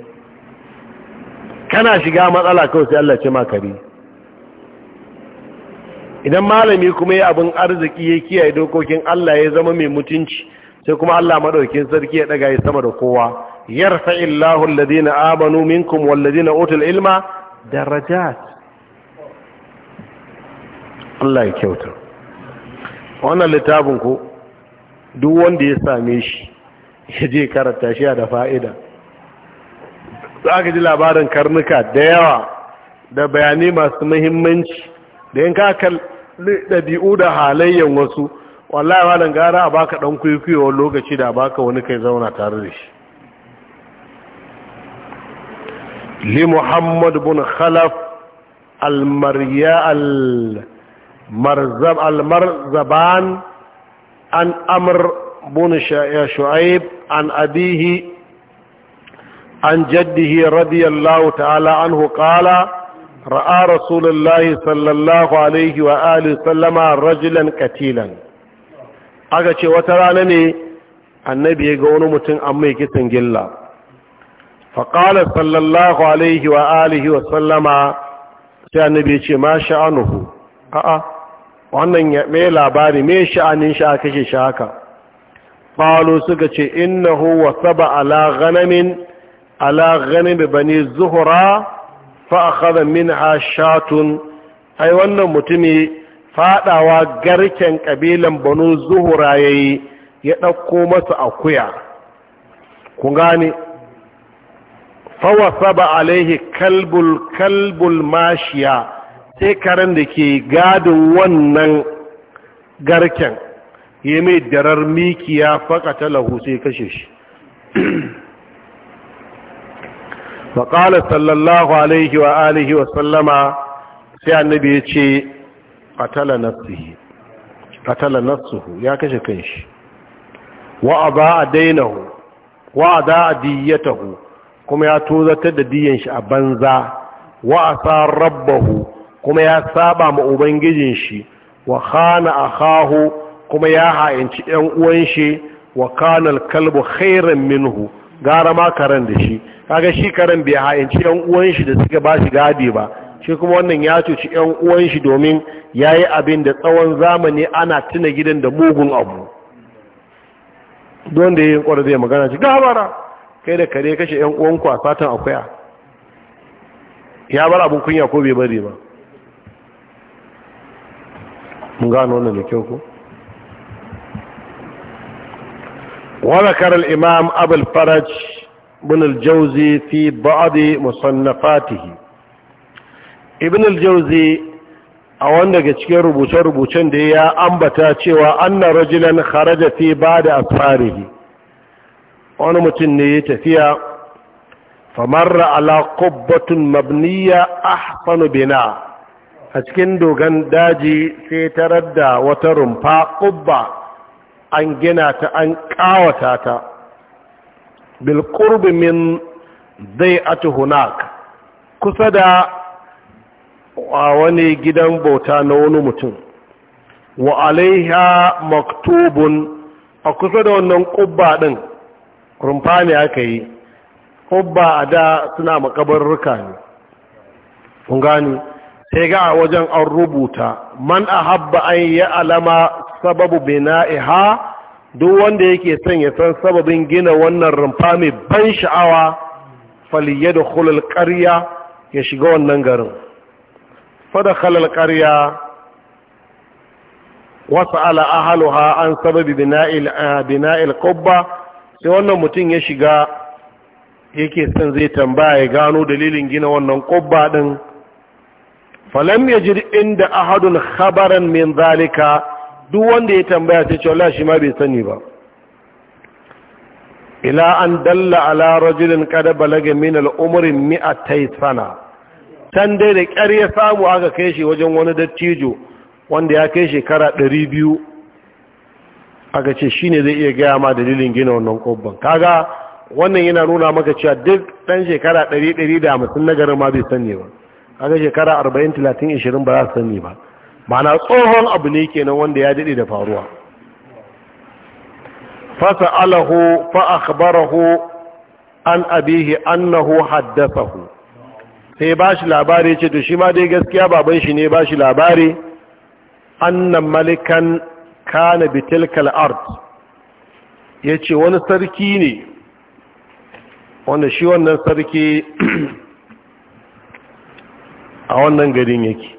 kana shiga matsala kawai sai Allah ce ma kari idan malami kuma ya abin arziki ya kiyaye dokokin Allah ya zama mai mutunci sai kuma Allah madaukin sarki ya daga ya sama da kowa yarfa illahu alladhina amanu minkum walladhina utul ilma darajat Allah ya kyauta wannan littafin ku duk wanda ya same shi ya je karanta shi da fa'ida za ka ji labarin karnuka da yawa da bayanai masu muhimmanci da yin ka ɗabi'u da halayyan wasu wallahi malam gara a baka ɗan kwaikwaiwa lokaci da baka wani kai zauna tare da shi li Muhammadu bin khalaf al-marzaban an amur bin shu'aib an abihi an jaddihi radiyallahu ta'ala an hukala. ra'a rasulullahi sallallahu alaihi wa alihi sallama rajulan katilan aka ce wata rana ne annabi ya ga wani mutum an mai kisan gilla faƙalar sallallahu alaihi wa alihi wa sallama sai annabi ya ce ma sha'anuhu a'a wannan ya mai labari mai sha'anin sha kashe shi haka falo suka ce innahu wa saba ala ghanamin ala ghanim bani zuhra fa min a shatun ai wannan mutumi fadawa garken kabilan banu zuhura ya yi ya ɗauko masa akuya ku gane fawasa ba alaihi kalbul kalbul mashiya sai karen da ke gadin wannan garken ya mai darar mikiya fakata lahu sai kashe shi faƙala sallallahu alaihi wa alihi wa sallama sai annabi ya ce ƙatala nafsuhu ya kashe kanshi wa ba a dainahu wa a da a diyatahu kuma ya tozatar da diyan shi a banza wa a sa rabbahu kuma ya saba ma ubangijin shi wa khana akahu kuma ya ha'inci 'yan uwanshi shi wa kanal minhu gara ma karen da shi kaga shi karan bai ha'inci yan uwan shi da suka ba shi gadi ba shi kuma wannan ya cuci yan uwan shi domin yayi abin da tsawon zamani ana tuna gidan da mugun abu don da yayin kwara zai magana shi gabara kai da kare kashe yan uwan ku a fatan akwaya ya bar abin kunya ko bai bari ba mun gano wannan da kyau ko karar Imam Abul faraj. ibn al-jawzi fi ba'd musannafatihi ibn al-jawzi a wanda daga cikin rubuce-rubucen da ya ambata cewa anna rajulan kharaja fi da asfarihi wani mutum ne ya tafiya famarra ala qubbatun mabniya ahsanu bina a cikin dogon daji sai tarar da wata rumfa ƙubba an gina ta an ƙawata ta bilkurbi zai ati hunak kusa da wani gidan bauta na wani mutum wa'alaiha alaiha a kusa da wannan kubba din rumfa ne aka yi kubba a da suna makabar ruka ne ƙungani sai ga a wajen an rubuta man a habba an yi alama sababu bina iha duk wanda yake son ya san sababin gina wannan rumfa mai ban sha'awa faliyya da hulul ƙarya ya shiga wannan garin fada halal ƙarya wasu ala an sababi bina'il kubba ah, sai wannan mutum ya shiga yake son zai tambaya ya gano dalilin gina wannan kubba ɗin falam ya jir inda ahadun khabaran min zalika duk wanda ya tambaya sai cewa shi ma bai sani ba ila an dalla ala rajulin kada balaga min al-umri mi'atai sana tan dai da ƙyar ya samu aka kai shi wajen wani dattijo wanda ya kai shekara 200 biyu aka ce shine zai iya gaya ma dalilin gina wannan ƙobban kaga wannan yana nuna maka cewa duk dan shekara 100 150 da na garin ma bai sani ba kaga shekara arba'in talatin 20 ba za su sani ba mana tsohon abu ne kenan wanda ya daɗe da faruwa fasa alahu fa'akbarahu an abihi annahu haddasahu sai ba shi labari ce to shi ma dai gaskiya baban shi ne ba shi labari annan malikan kana bitilkal art ya ce wani sarki ne wanda shi wannan sarki (clears throat) a wannan garin yake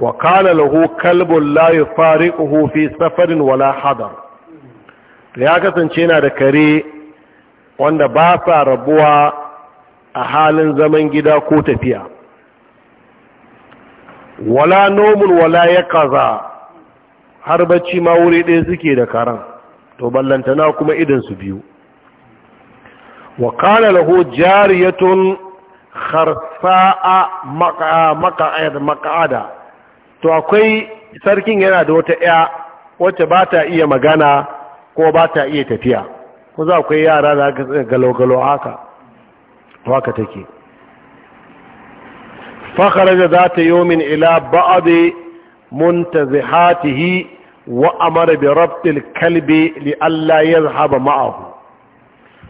wa kana lahu kalbun la yufariquhu fi safarin wala hadar ya kasance yana da kare wanda ba sa rabuwa a halin zaman gida ko tafiya wala nomun wala ya kaza har bacci ma wuri ɗaya suke da karan to ballantana kuma idansu biyu wa kana lahu jariyatun kharsa'a maka'ada to akwai sarkin yana da wata ya wacce ba ta iya magana ko ba ta iya tafiya ko za akwai yara da aka galo-galo haka haka take da za ta yi min ila ba'ade muntazihatihi wa amara bi rabtil kalbi li Allah yazhaba ma'ahu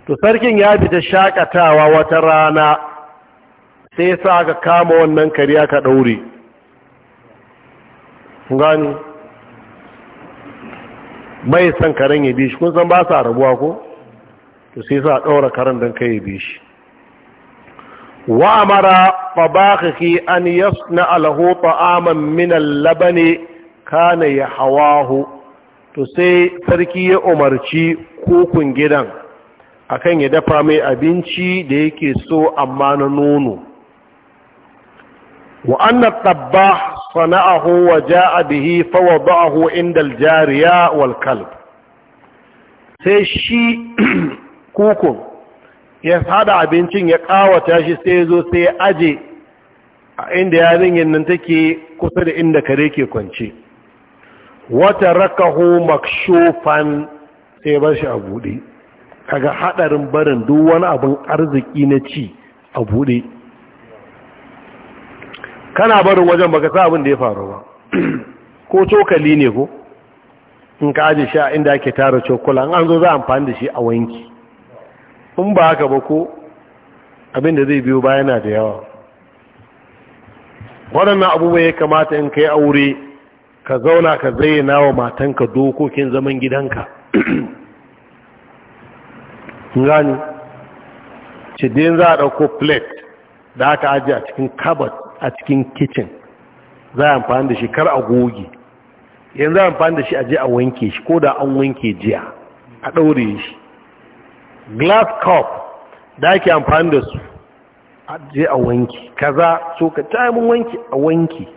to sarkin ya fita shakatawa wata rana sai sa ka kama wannan kariya ka daure gani bai san karen ya bi shi kun san ba sa rabuwa ko to sai sa ɗaura karen don kai ya bi shi wa amara fabakaki an yasna alahu ta'aman min labani kana ya hawahu to sai sarki ya umarci kukun gidan akan ya dafa mai abinci da yake so amma na nono wa anna tabbah صنعه وجاء به فوضعه عند الجارية والكلب sai shi (clears throat) kukun ya haɗa abincin ya kawata shi sai zo sai ya aje a inda yarinyin nan take kusa da inda kare ke kwance wata rakahu makshofan sai bar shi a buɗe kaga hadarin barin duk wani abin arziki na ci a buɗe kana barin wajen baka sa abin da ya faru ba (clears throat) ko cokali ne ko in ka aje shi a inda ake tara cokula an zo za amfani da shi a wanki in ba haka ba ko abin da zai biyo bayana da yawa waɗannan abubuwa ya kamata in kai aure ka zauna ka zayyana wa matanka dokokin zaman gidanka (clears throat) gani cidin za a ɗauko plate da aka ajiye a cikin cupboard a cikin kitchen za a amfani da shi kar a goge yanzu a amfani da shi a je a wanke shi ko da an wanke jiya a ɗaure shi glass cup da ake amfani da su a je a wanke kaza so ka taimun wanke a wanke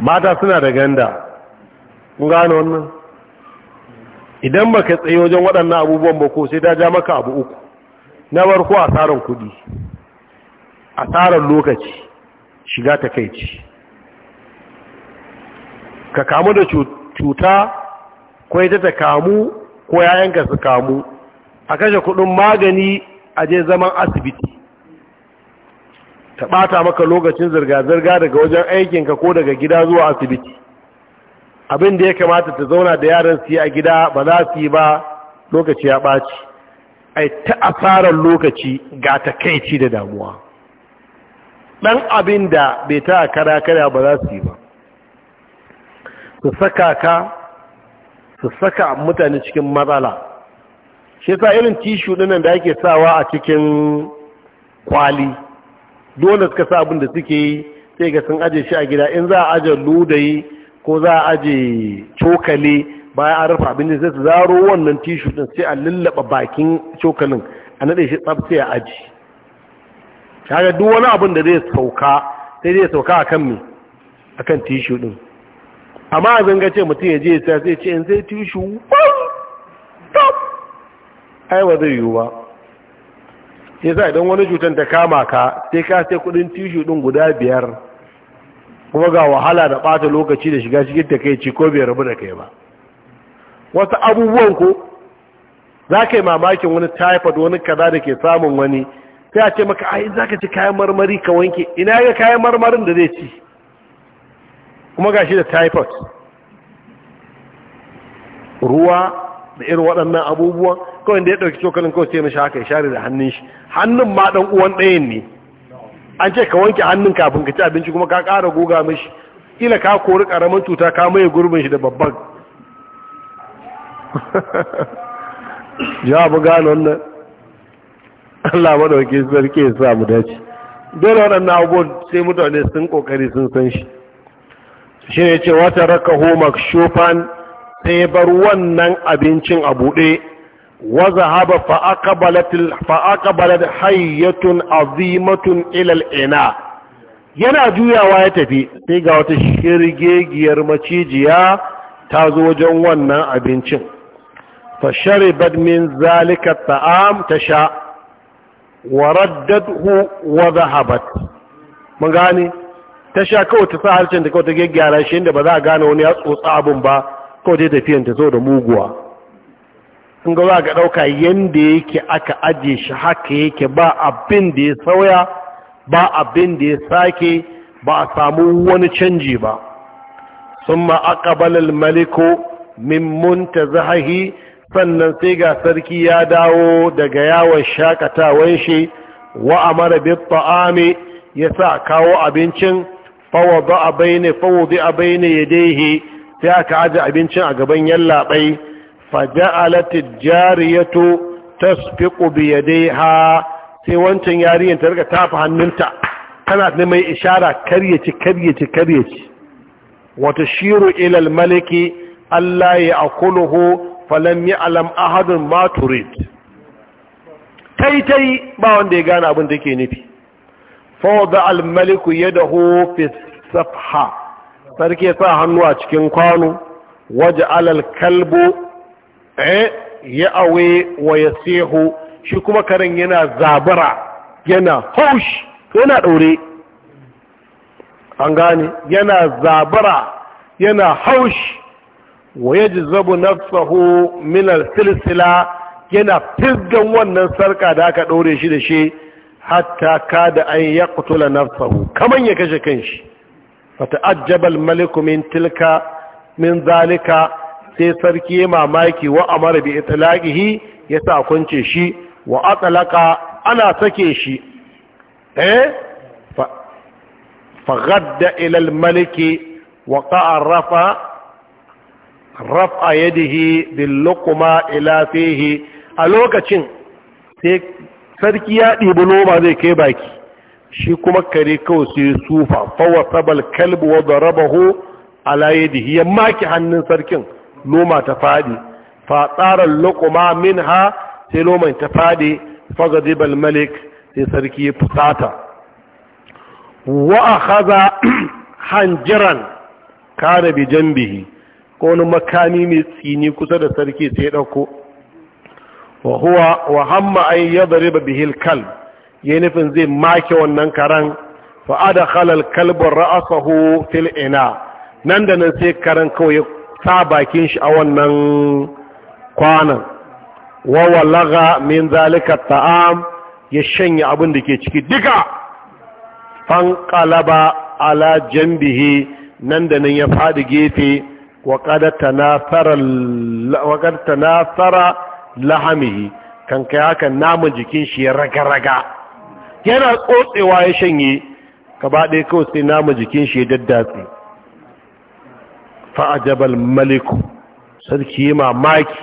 mata suna da ganda kun gano wannan idan ba ka tsaye wajen waɗannan abubuwan ba ko sai ta ja maka abu uku na farko asarar kudi tsarin lokaci shiga ta ce ka kamu da cuta ko ita ta kamu ko yayanka su kamu a kashe kudin magani a je zaman asibiti ta bata maka lokacin zirga-zirga daga wajen aikinka ko daga gida zuwa asibiti abin da ya kamata ta zauna da yaran su yi a gida ba za su yi ba lokaci ya ɓaci ai ta asarar lokaci ga takaici da damuwa Ɗan abin da bai ta kara kara ba za su yi ba su saka ka su saka mutane cikin matsala shi yasa irin tishu ɗinan da ake sawa a cikin kwali dole suka sa abin da suke yi sai ga sun aje shi a gida in za a aje ludayi ko za a aje cokali bayan an rufe abinci sai su zaro wannan tishu din sai a lullaba bakin cokalin a nade shi tsabta ya aji kaga duk wani abin da zai sauka sai zai sauka akan me akan tishu din amma a zanga ce mutum ya je sai sai ce in sai tishu top ai ba zai yiwu ba sai sa idan wani cutar ta kama ka sai ka sai kudin tishu din guda biyar kuma ga wahala da bata lokaci da shiga cikin takaici ko bai rabu da kai ba wasu abubuwan ko za ka yi mamakin wani typhoid wani kaza da ke samun wani sai a ce maka ai za ka ci kayan marmari ka wanke ina ga kayan marmarin da zai ci kuma ga shi da typhoid ruwa da irin waɗannan abubuwan kawai da ya ɗauki cokalin kawai sai mashi haka ya share da hannun shi hannun ma ɗan uwan ɗayan ne an ce ka wanke hannun kafin ka ci abinci kuma ka ƙara goga mashi kila ka kori ƙaramin cuta ka maye gurbin shi da babban jawabu gano wannan Allah madauki sarki ya samu dace dole waɗannan abubuwan sai mutane sun ƙoƙari sun san shi shi ne ce wata raka homa shofan sai bar wannan abincin a buɗe waza haba balar hayyatun azimatun ilal ina yana juyawa ya tafi sai ga wata shirgegiyar macijiya ta zo wajen wannan abincin فشربت من ذلك الطعام تشاء وردته وذهبت mun gane ta sha kawai ta sa harshen da kawai ta gyaggyara shi inda ba za a gane wani ya tsotsa abin ba kawai ta tafiyan ta so da muguwa in ga za ka ɗauka yadda yake aka ajiye shi haka yake ba abin da ya sauya ba abin da ya sake ba a samu wani canji ba sun ma'aƙabalar maliko min zahahi sannan sai ga sarki ya dawo daga yawon shakatawan shi wa amara bi ta'ami ya sa kawo abincin fawadu a bayne fawadu a bayne yadayhi sai aka aje abincin a gaban yallabai faja'alat jariyatu tasfiqu bi yadayha sai wancan yarinyar ta riga tafa hannunta tana da mai ishara karyaci karyaci ci.' wata shiru ilal maliki Allah ya akuluhu falam alam ahadun ma turid taitai ba wanda ya gane abin da ke nufi fawada almaliku yadahu fi safha sarki ya sa hannu a cikin kwano waje alal kalbu eh, ya awe wa yasihu shi kuma karen yana zabara yana haushi yana daure an gane yana zabara yana haushi. wa yajzabu nafsahu min silsila yana fisgan wannan sarka da aka ɗaure shi da shi hatta kada an yaqtula nafsahu kaman ya kashe kanshi shi. al-malik min tilka min zalika sai sarki ya mamaki wa amara bi itlaqihi ya sa kunce shi wa atlaqa ana sake shi eh fa gadda ila al-malik wa qa'arafa raf'a yadihi bil luqma ila a lokacin sai sarki ya ɗibi noma zai kai baki shi kuma kare kawai sai sufa fawa sabal kalbu wa darabahu ala yadihi ya maki hannun sarkin noma ta faɗi, fa tsara luqma ha sai noman ta faɗi, fagadib zibal malik sai sarki ya fusata wa haza (clears throat) hanjiran kana bi janbihi ko wani makami mai tsini kusa da sarki sai ɗauko wa huwa wa hamma an ba bihil kal. ya nufin zai make wannan karan fa ada halal kalbar ra'asahu fil ina nan da nan sai karan kawai ya sa bakin shi a wannan kwanan wa walaga min zalika ta'am ya shanya abin da ke ciki duka kalaba ala jambihi nan da nan ya fadi gefe Waƙar ta na fara تناثر kan kai haka namun jikin shi ya raga-raga yana tsotsewa ya shanye gaba ɗaya kawai sai namun jikin shi ya daddatsi. fa'ajabal maliku sarki yi mamaki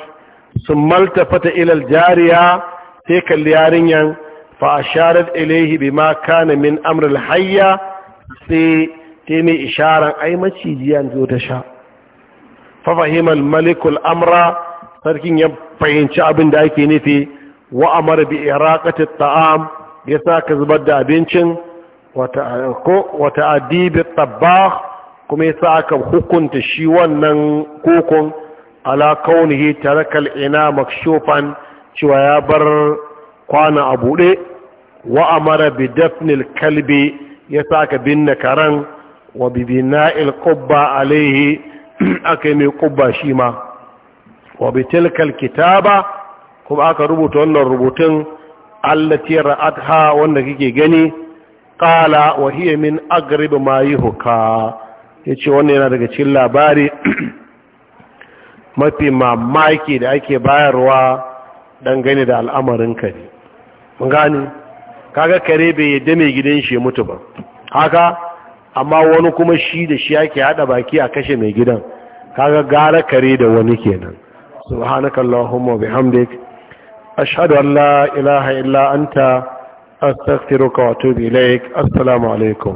sun malta fata ilal jariya sai kalli yarinyan fa'asharar ilaihi bi ma kana min amrul hayya sai ta mai isharar ai macijiya zo ta sha fafahimal malikul amra sarkin ya fahimci abin da ake nufi wa amara bi iraqati ta'am ya sa ka zubar da abincin wata adibi kuma ya sa hukunta shi wannan kokon ala kaunihi tarakal ina makshufan cewa ya bar kwana a buɗe wa amara bi dafnil kalbi ya sa ka binne karan wa bibina il alaihi (clears throat) aka yi mai kubba shi ma wa bitilkal kitaba kuma aka rubuta wannan rubutun allati ra'atha wanda kike gani qala wa hiya min agrib ma yuhka yace wannan yana daga cikin labari (clears throat) mafi mamaki da ake bayarwa dangane da al'amarin ka ne mun gani kaga kare bai yadda mai gidan shi mutu ba haka amma wani kuma shi da shi yake hada baki a kashe mai gidan kaga gara kare da wani kenan subhanakallahumma bihamdik ashhadu an la ilaha illa anta astaghfiruka wa atubu ilaik assalamu alaikum